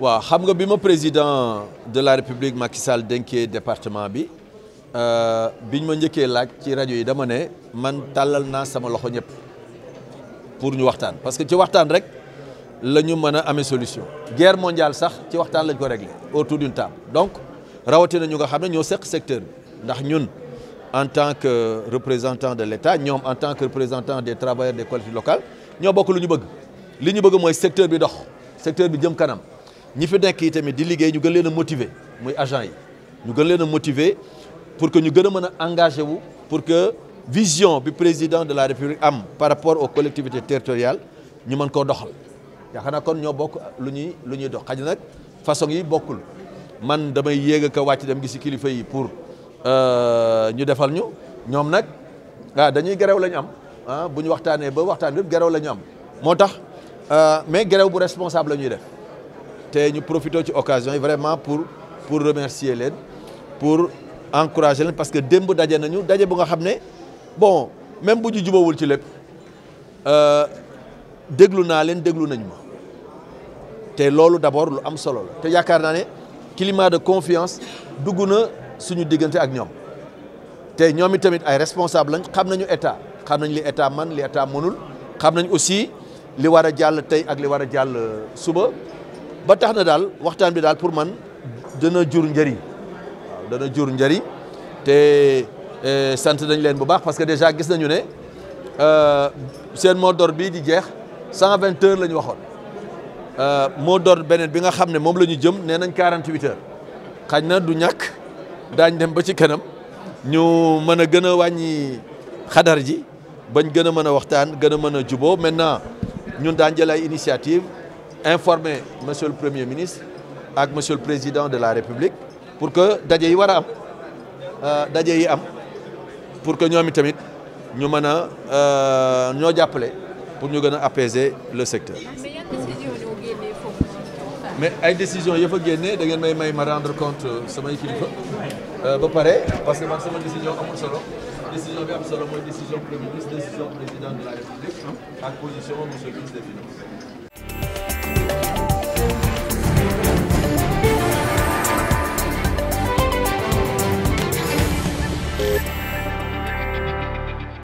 waaw xam nga bi président de la république Macky Sall département bi euh, biñ ma njëkkee la ci radio, yi dama ne man tàllal naa sama loxo ñëpp pour ñu waxtaan parce que ci waxtaan rek la ñu mën a amee solution. guerre mondiale sax ci waxtaan lañ ko autour d'une table donc nous ñu nga xam ne ñoo secteur bi ndax ñun en tant que représentant de l'État nous, en tant que représentant des travailleurs des collectivités locales ñoo bokk lu ñu bëgg li ñu bëgg le secteur bi dox secteur bi jëm kanam ñi fi nek yi di motiver muy agent yi motiver pour que nous gën a engager pour que vision du président de la république am par rapport aux collectivités territoriales ñu mën koo doxal yaakaar naa kon ñoo bokk lu ñuy lu ñuy dox xaj nag façon yi bokkul man damay yéeg dem kilifa pour euh, ñu nous ñu ñoom nag ah, dañuy gerew la am ah bu ba waxtaan am euh, mais nous bu responsable la nous profitons de l'occasion occasion vraiment pour pour remercier leen pour encourager parce que dajé nañu bu nga xamné bon même bu jubawul ci euh, d'abord lu am solo climat de confiance duguna suñu digënté ak ñom té tamit ay responsable lañ état li état man li état mënul xamnañ aussi li wara jall tay ak li ba tax na daal waxtaan bi daal pour man dana jur njëriñ waaw jur njëriñ te eh, sant nañ leen bu baax parce que déjà gis nañu ne euh, seen mot dor bii di jeex cent vingt heures la ñu waxoon euh, mot d'ordre beneen bi nga xam ne moom la ñu jëm nee nañ quarante huit xañ na du ñàkk daañ dem ba ci kanam ñu mën a gën a wàññi xadar ji bañ gën a mën a waxtaan gën a mën a juboo maintenant ñun daan jël ay initiative informer monsieur le premier ministre et monsieur le président de la république pour que daje yi war a am euh, daje yi am pour que nous, itamit ñu nous a euh, ñoo jàppale pour ñu gën apaiser le secteur. mais ay décision yëpp a génne da ngeen may may me rendre compte euh, samay kilifa ba pare parce que man sama décision amul solo décision bi am solo décision premier ministre décision président de la république à position monsieur le ministre des finances